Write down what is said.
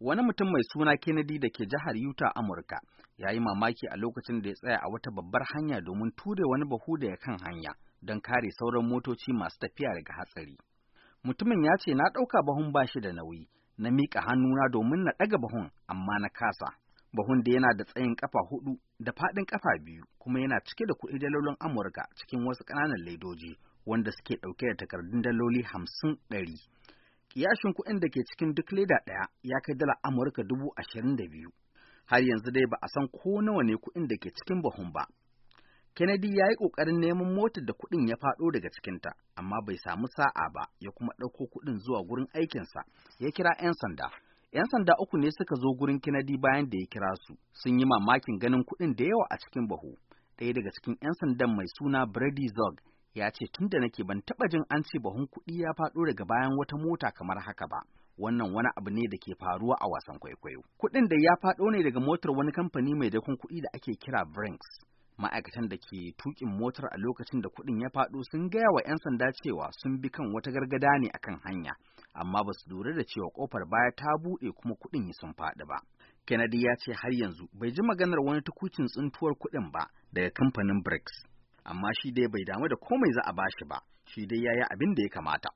wani mutum mai suna Kennedy da ke jihar Utah, Amurka, ya yi mamaki a lokacin da ya tsaya a wata babbar hanya domin ture wani bahu da ya kan hanya don kare sauran motoci masu tafiya daga hatsari. Mutumin ya ce na ɗauka bahun bashi da nauyi, na miƙa hannuna domin na ɗaga bahun amma na kasa. Bahun da yana da tsayin ƙafa hudu da faɗin ƙafa biyu kuma yana cike da kuɗi dalolin Amurka cikin wasu ƙananan laidoji wanda suke ɗauke da takardun daloli hamsin ɗari. Kiyashin kuɗin da ke cikin duk leda ɗaya ya kai dala Amurka dubu ashirin da biyu. Har yanzu dai ba a san ko nawa ne kuɗin da ke cikin bahun ba. Kennedy ya yi ƙoƙarin neman motar da kuɗin ya faɗo daga cikinta, amma bai samu sa'a ba, ya kuma ɗauko kuɗin zuwa gurin aikinsa, ya kira 'yan sanda. 'Yan sanda uku ne suka zo gurin Kennedy bayan da ya kira su, sun yi mamakin ganin kuɗin da yawa a cikin bahu. Ɗaya daga cikin 'yan sandan mai suna Brady Zog ya ce tun da nake ban taba jin an ce bahun kuɗi ya faɗo daga bayan wata mota kamar haka ba. Wannan wani abu ne da ke faruwa a wasan kwaikwayo. Kuɗin da ya faɗo ne daga motar wani kamfani mai dakon kuɗi da ake kira Brinks. Ma'aikatan da ke tukin motar a lokacin da kuɗin ya faɗo sun gaya wa 'yan sanda cewa sun bi kan wata gargada ne akan hanya, amma ba su lura da cewa kofar baya ta buɗe kuma kuɗin sun faɗi ba. Kennedy ya ce har yanzu bai ji maganar wani tukucin tsintuwar kuɗin ba daga kamfanin BRICS. amma shi dai bai damu da komai za a bashi ba, shi dai yayi abin da ya kamata.